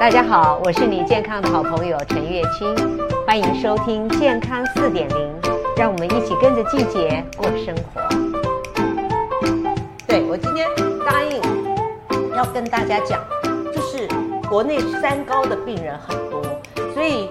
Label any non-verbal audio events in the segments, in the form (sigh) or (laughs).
大家好，我是你健康的好朋友陳月清，歡迎收聽《健康4.0》，讓我們一起跟着季節過生活。對，我今天答應要跟大家講，就是國內三高的病人很多，所以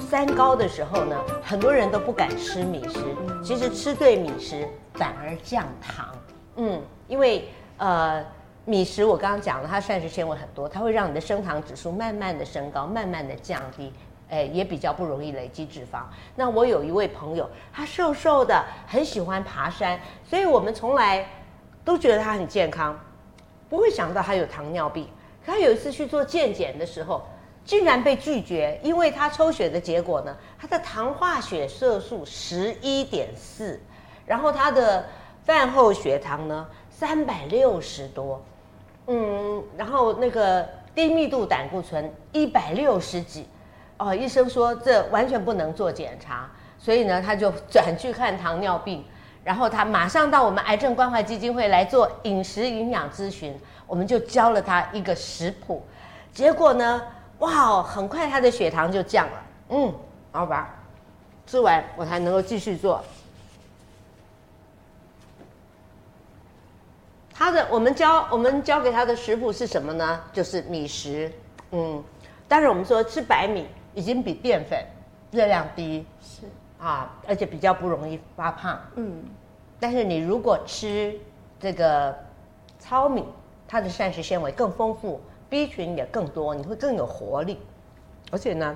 三高的時候呢，很多人都不敢吃米食，其實吃對米食反而降糖。嗯，因為呃。米食我剛剛講了，它膳食纖維很多，它會讓你的升糖指數慢慢的升高，慢慢的降低，誒也比較不容易累積脂肪。那我有一位朋友，他瘦瘦的，很喜歡爬山，所以我們從來都覺得他很健康，不會想到他有糖尿病。他有一次去做健檢的時候，竟然被拒絕，因為他抽血的結果呢，他的糖化血色素十一點四，然後他的飯後血糖呢，三百六十多。嗯，然後那個低密度膽固醇一百六十幾，哦，醫生說這完全不能做檢查，所以呢，他就轉去看糖尿病，然後他馬上到我們癌症關懷基金會來做飲食營養諮詢，我們就教了他一個食譜，結果呢，哇，很快他的血糖就降了，嗯，好吧，吃完我才能夠繼續做。他的我們教我們教給他的食譜是什麼呢？就是米食，嗯，但是我們說吃白米已經比澱粉熱量低，是啊，而且比較不容易發胖，嗯，但是你如果吃這個糙米，它的膳食纖維更豐富，B 群也更多，你會更有活力，而且呢，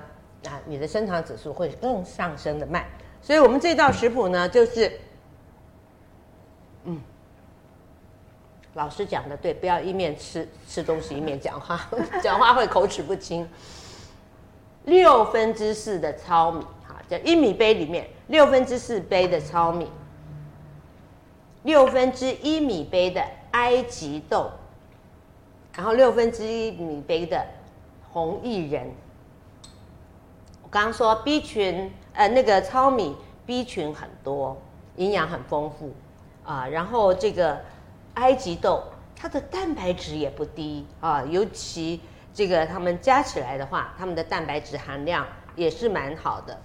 啊，你的升糖指數會更上升的慢。所以我們這道食譜呢，嗯、就是，嗯。老師講的對，不要一面吃吃東西一面講話，講話會口齒不清。六分之四的糙米，哈，這一米杯裡面六分之四杯的糙米，六分之一米杯的埃及豆，然後六分之一米杯的紅薏仁。我剛剛說 B 群，呃，那個糙米 B 群很多，營養很豐富啊，然後這個。埃及豆，它的蛋白質也不低啊，尤其這個它們加起來的話，它們的蛋白質含量也是蠻好的。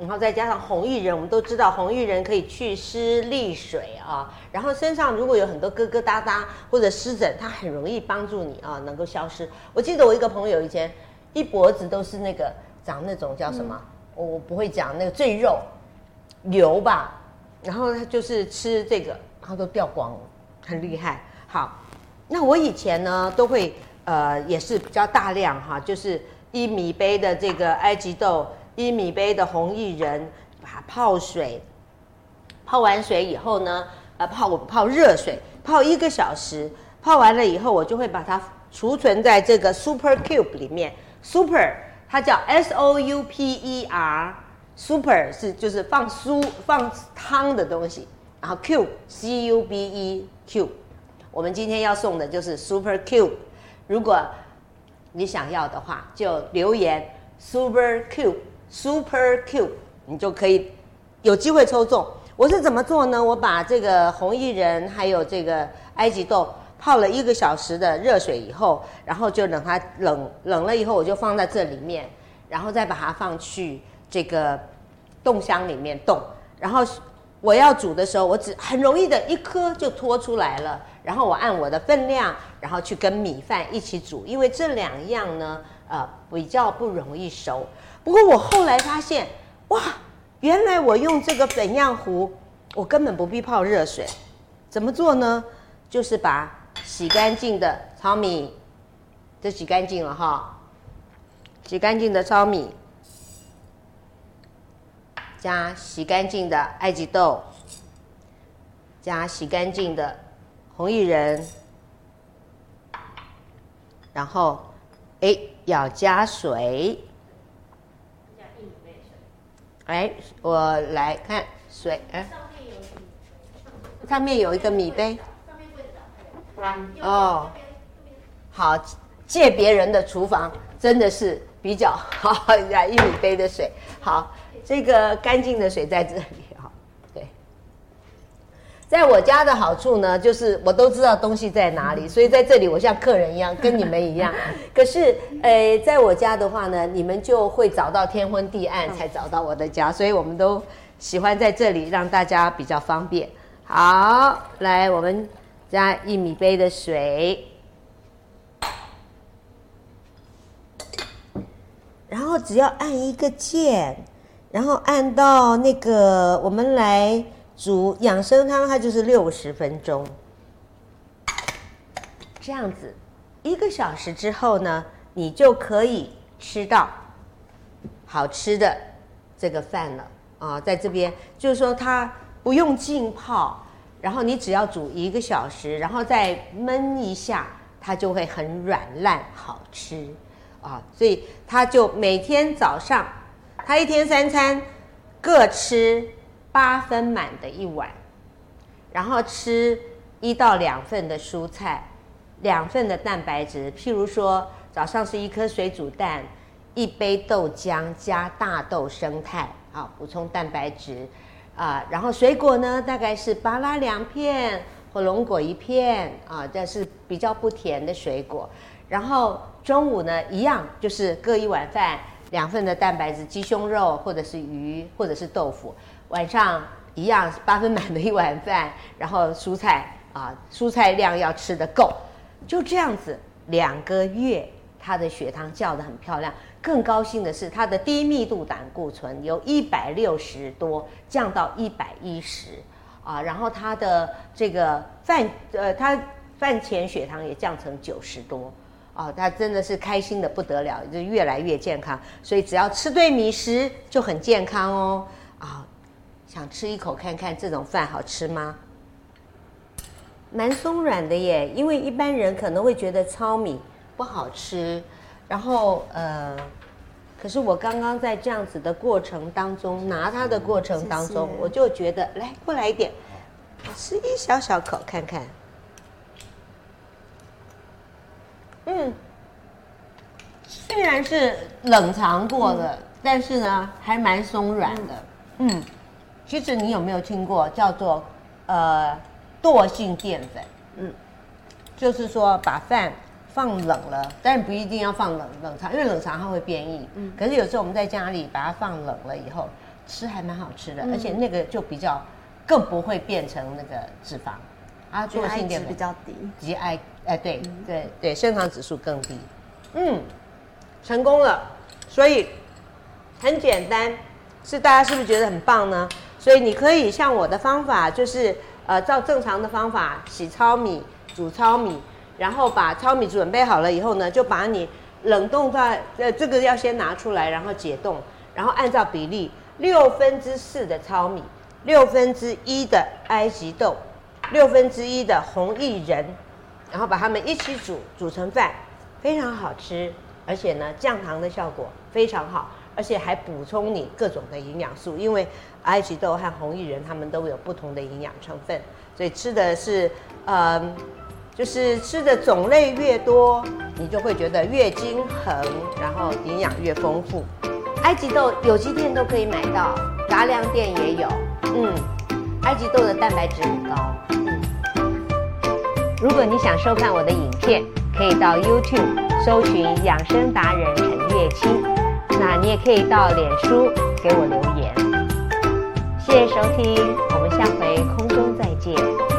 然後再加上紅薏仁，我們都知道紅薏仁可以祛濕利水啊。然後身上如果有很多疙疙瘩瘩或者濕疹，它很容易幫助你啊能夠消失。我記得我一個朋友以前一脖子都是那個長那種叫什麼，我、嗯、我不會講那個贅肉瘤吧，然後他就是吃這個，然後都掉光了。很厲害，好，那我以前呢都會，呃，也是比較大量哈，就是一米杯的這個埃及豆，一米杯的紅薏仁，把它泡水，泡完水以後呢，呃，泡我們泡熱水，泡一個小時，泡完了以後，我就會把它儲存在這個 super cube 裡面。super 它叫 s o u p e r，super 是就是放酥放湯的東西。然後 Q C U B E Q，我們今天要送的就是 Super Q。如果你想要的話，就留言 Super Q Super Q，你就可以有機會抽中。我是怎麼做呢？我把這個紅薏仁還有這個埃及豆泡了一個小時的熱水以後，然後就等它冷冷了以後，我就放在這裡面，然後再把它放去這個凍箱裡面凍，然後。我要煮的時候，我只很容易的一顆就拖出來了，然後我按我的分量，然後去跟米飯一起煮，因為這兩樣呢，呃，比較不容易熟。不過我後來發現，哇，原來我用這個粉漾壺，我根本不必泡熱水。怎麼做呢？就是把洗乾淨的糙米，都洗乾淨了哈、哦，洗乾淨的糙米。加洗乾淨的埃及豆，加洗乾淨的紅薏仁，然後，哎，要加水。哎，我來看水。啊，上面有一個米杯。上面櫃子。哦，好，借別人的廚房，真的是。比較好一米杯的水，好，這個乾淨的水在這裡好，對。在我家的好處呢，就是我都知道東西在哪裡，所以在這裡我像客人一樣，跟你們一樣。 (laughs) 可是，誒、呃，在我家的話呢，你們就會找到天昏地暗才找到我的家，所以我們都喜歡在這裡讓大家比較方便。好，來，我們加一米杯的水。然後只要按一個鍵，然後按到那個我們來煮養生湯，它就是60分鐘。這樣子，一個小時之後呢，你就可以吃到好吃的這個飯了啊！在這邊就是說它不用浸泡，然後你只要煮一個小時，然後再燜一下，它就會很軟爛，好吃。啊、哦，所以他就每天早上，他一天三餐各吃八分滿的一碗，然後吃一到兩份的蔬菜，兩份的蛋白質。譬如說，早上是一顆水煮蛋，一杯豆漿加大豆胜肽，啊、哦，補充蛋白質。啊、呃，然後水果呢，大概是芭樂兩片。火龍果一片啊，但是比較不甜的水果。然後中午呢，一樣就是各一碗飯，兩份的蛋白質，雞胸肉或者是魚或者是豆腐。晚上一樣八分滿的一碗飯，然後蔬菜啊，蔬菜量要吃得夠。就這樣子兩個月，他的血糖降得很漂亮。更高興的是，他的低密度膽固醇由一百六十多降到一百一十。啊，然後他的這個飯，呃，他飯前血糖也降成九十多，啊、哦，他真的是開心的不得了，就越來越健康。所以只要吃對米食就很健康哦，啊、哦，想吃一口看看這種飯好吃嗎？蠻鬆軟的耶，因為一般人可能會覺得糙米不好吃，然後呃。可是我剛剛在這樣子的過程當中，拿它的過程當中，嗯、謝謝。我就覺得來過來一點，吃一小小口看看。嗯，雖然是冷藏過的，嗯、但是呢還蠻鬆軟的。嗯，嗯，其實你有沒有聽過叫做呃惰性澱粉？嗯，就是說把飯，放冷了，但不一定要放冷，冷藏，因為冷藏它會變硬。嗯。可是有時候我們在家裡把它放冷了以後，吃還蠻好吃的，嗯、而且那個就比較，更不會變成那個脂肪。啊，抗性澱粉，比較低，GI，哎，對對、嗯、對，血糖指數更低。嗯，成功了，所以很簡單，是大家是不是覺得很棒呢？所以你可以像我的方法，就是呃，照正常的方法洗糙米、煮糙米。然後把糙米準備好了以後呢，就把你冷凍它這個要先拿出來，然後解凍，然後按照比例六分之四的糙米，六分之一的埃及豆，六分之一的紅薏仁，然後把它們一起煮煮成飯，非常好吃，而且呢，降糖的效果非常好，而且還補充你各種的營養素，因為埃及豆和紅薏仁它們都有不同的營養成分，所以吃的是嗯。呃就是吃的種類越多，你就會覺得越均衡，然後營養越豐富。埃及豆有機店都可以買到，雜糧店也有。嗯，埃及豆的蛋白質很高。嗯，如果你想收看我的影片，可以到 YouTube 搜尋養生達人陳月清。那你也可以到臉書給我留言。謝謝收聽，我們下回空中再見。